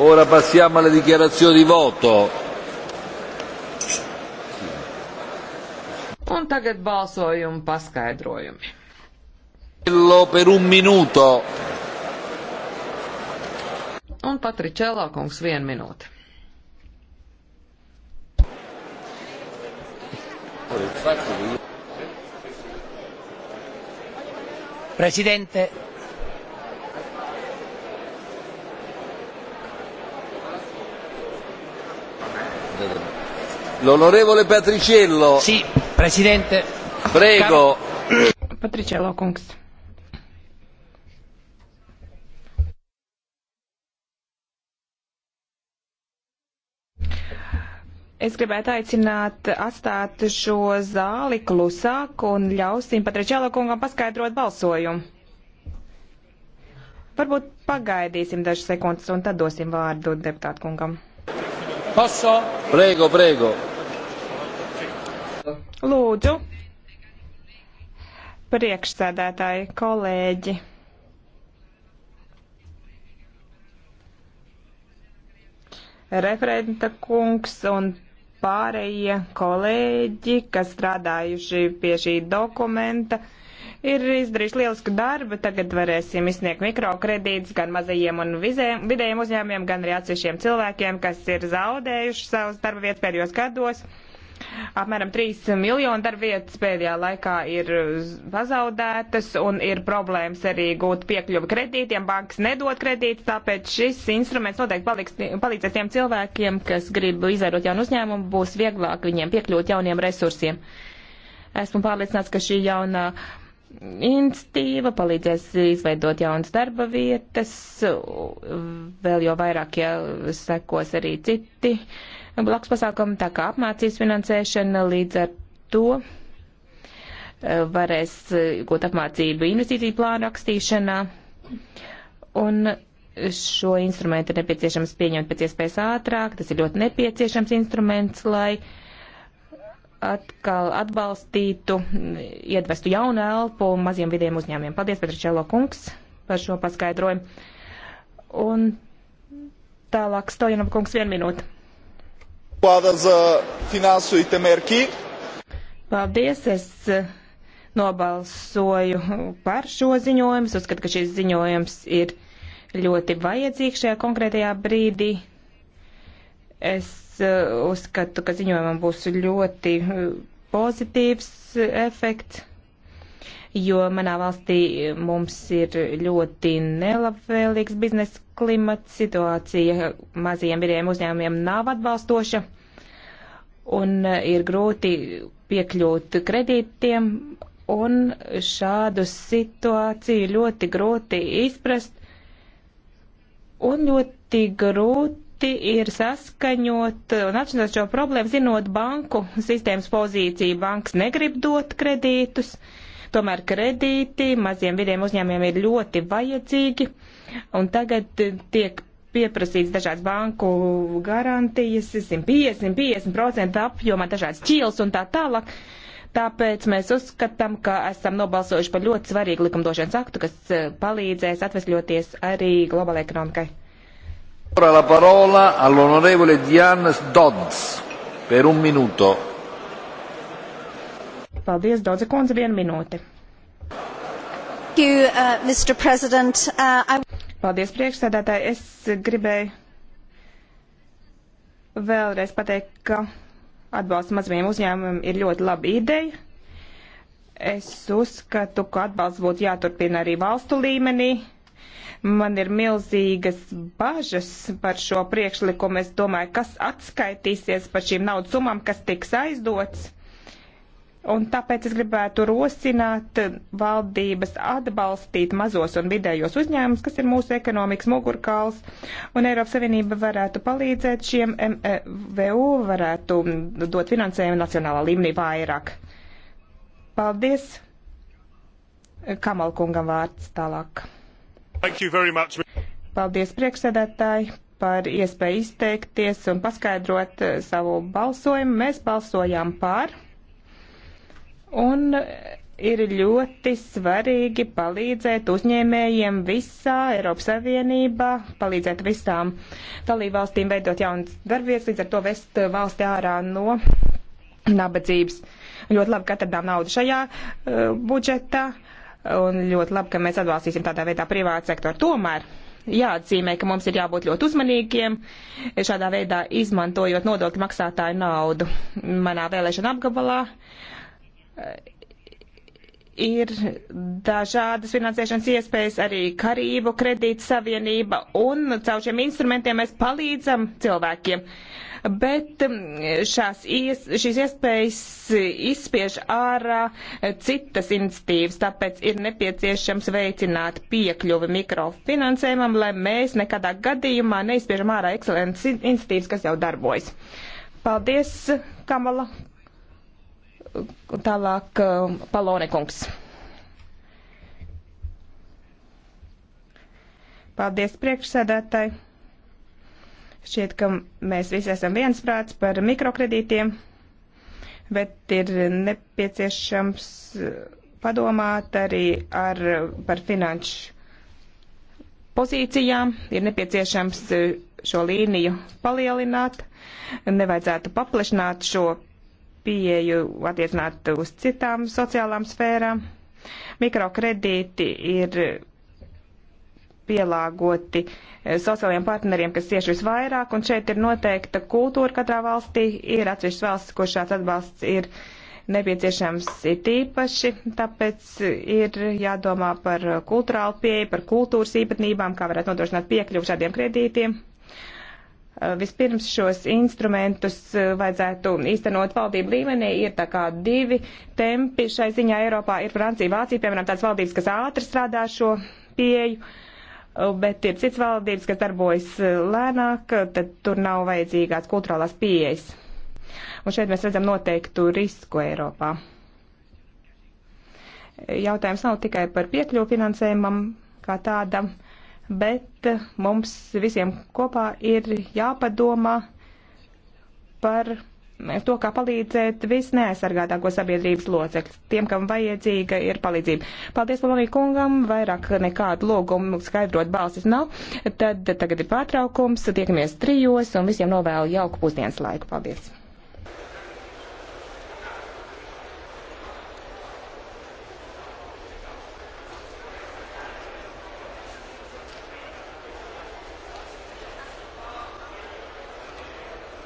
Ora passiamo alle dichiarazioni di voto. Un tagad balsojumu paskaidrojumi. Per un minuto. Un Patričēlā kungs vienu minūti. Presidente, L'onorevole Patriciello. Sì, presidente. Prego. Patriciello kungs. Es gribētu aicināt atstāt šo zāli klusāku un ļausim Patričēlo kungam paskaidrot balsojumu. Varbūt pagaidīsim dažas sekundes un tad dosim vārdu deputātu kungam. Posso? Prego, prego. Lūdzu, priekšsēdētāji, kolēģi. Referenta kungs un pārējie kolēģi, kas strādājuši pie šī dokumenta, uh, ir izdarījuši lielisku darbu. Tagad varēsim izsniegt mikrokredītus gan mazajiem un vizējiem, vidējiem uzņēmumiem, gan arī atsevišķiem cilvēkiem, kas ir zaudējuši savus darba vietas pēdējos gados. Apmēram 3 miljonu darbvietas pēdējā laikā ir pazaudētas un ir problēmas arī gūt piekļuvi kredītiem. Bankas nedod kredītus, tāpēc šis instruments noteikti paliks, palīdzēs tiem cilvēkiem, kas grib izveidot jaunu uzņēmumu, būs vieglāk viņiem piekļūt jauniem resursiem. Esmu pārliecināts, ka šī jaunā institīva palīdzēs izveidot jaunas darba vietas, vēl jau vairāk, ja sekos arī citi blakus pasākumi, tā kā apmācības finansēšana līdz ar to e, varēs gūt apmācību investīciju plānu rakstīšanā. Un šo instrumentu ir nepieciešams pieņemt pēc iespējas ātrāk, tas ir ļoti nepieciešams instruments, lai uh, atkal atbalstītu, iedvestu jaunu elpu maziem vidiem uzņēmiem. Paldies, Petričēlo kungs, par šo paskaidrojumu. Un tālāk Stojanov kungs vienu minūtu. Paldies, es eh, nobalsoju par šo ziņojumu. Es uzskatu, ka šis ziņojums ir ļoti vajadzīgs šajā konkrētajā brīdī. Es uh, uzskatu, ka ziņojumam būs ļoti uh, pozitīvs uh, efekts, jo manā valstī mums ir ļoti nelabvēlīgs biznesa klimats, situācija mazajiem vidējiem uzņēmumiem nav atbalstoša un ir grūti piekļūt kredītiem, un šādu situāciju ļoti grūti izprast un ļoti grūti grūti ir saskaņot un atšķirt šo problēmu, zinot banku sistēmas pozīciju. Banks negrib dot kredītus, tomēr kredīti maziem vidiem uzņēmiem ir ļoti vajadzīgi, un tagad tiek pieprasīts dažādas banku garantijas, 150-150% apjomā, dažādas ķīles un tā tālāk. Tāpēc mēs uzskatām, ka esam nobalsojuši par ļoti svarīgu likumdošanas aktu, kas eh, palīdzēs atvesļoties arī globālajai ekonomikai. Ora la parola all'onorevole Diane Dodds per un minuto. Paldies, Dodds kundze, vienu minūti. Thank you, uh, Mr. President. Uh, I... Paldies, priekšsēdētāji. Es gribēju vēlreiz pateikt, ka atbalsts mazajiem uzņēmumiem ir ļoti laba ideja. Es uzskatu, ka atbalsts būtu jāturpina arī valstu līmenī Man ir milzīgas bažas par šo priekšlikumu. Es domāju, kas atskaitīsies par šīm naudas summām, kas tiks aizdots. Un tāpēc es gribētu rosināt valdības atbalstīt mazos un vidējos uzņēmumus, kas ir mūsu ekonomikas mugurkauls, un Eiropas Savienība varētu palīdzēt šiem MVU, e varētu dot finansējumu nacionālā līmenī vairāk. Paldies! Kamalkungam vārds tālāk. Paldies, priekšsēdētāji, par iespēju izteikties un paskaidrot eh, savu balsojumu. Mēs balsojām par. Un eh, ir ļoti svarīgi palīdzēt uzņēmējiem visā Eiropas Savienībā, palīdzēt visām dalībvalstīm veidot jaunas darbvietas, līdz ar to vest eh, valsti ārā no nabadzības. Ļoti labi, ka atradām naudu šajā uh, budžetā. Uh, Un ļoti labi, ka mēs atbalstīsim tādā veidā privātu sektoru. Tomēr jāatzīmē, ka mums ir jābūt ļoti uzmanīgiem šādā veidā izmantojot nodokļu maksātāju naudu. Manā vēlēšana apgabalā eh, ir dažādas finansēšanas iespējas, arī Karību kredīta savienība, un caur šiem instrumentiem mēs palīdzam cilvēkiem. Uh, bet um, šās, ies, šīs iespējas izspiež ārā citas institīvas, tāpēc ir nepieciešams veicināt piekļuvi mikrofinansējumam, lai mēs nekādā gadījumā neizspiežam ārā ekscelences institīvas, kas jau darbojas. Paldies, Kamala. Tālāk um, Palonekungs. Paldies priekšsēdētāji. Šķiet, ka mēs visi esam viensprāts par mikrokredītiem, bet ir nepieciešams eh, padomāt arī ar, par finanšu pozīcijām. Ir nepieciešams eh, šo līniju palielināt, nevajadzētu paplašināt šo pieeju attiecināt uz citām sociālām sfērām. Mikrokredīti ir pielāgoti eh, sociālajiem partneriem, kas cieši visvairāk, un šeit ir noteikta kultūra katrā valstī, ir atsevišķas valsts, kur šāds atbalsts ir nepieciešams ir tīpaši, tāpēc ir jādomā par kultūrālu pieeju, par kultūras īpatnībām, kā varētu nodrošināt piekļuvu šādiem kredītiem. Eh, vispirms šos instrumentus eh, vajadzētu īstenot valdību līmenī. Ir tā kā divi tempi šai ziņā Eiropā. Ir Francija, Vācija, piemēram, tās valdības, kas ātri strādā šo pieju. Uh, bet ir cits valdības, kas darbojas eh, lēnāk, tad tur nav vajadzīgās kulturālās pieejas. Un šeit mēs redzam noteiktu risku Eiropā. Jautājums nav tikai par piekļuvu finansējumam kā tādam, bet eh, mums visiem kopā ir jāpadomā par to, kā palīdzēt visneaizsargātāko sabiedrības locekļus, tiem, kam vajadzīga ir palīdzība. Paldies Lamija kungam, vairāk nekādu lūgumu skaidrot balsis nav. Tad tagad ir pārtraukums, tiekamies trijos un visiem novēlu jauku pusdienas laiku. Paldies!